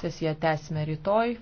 Sesiją tęsime rytoj.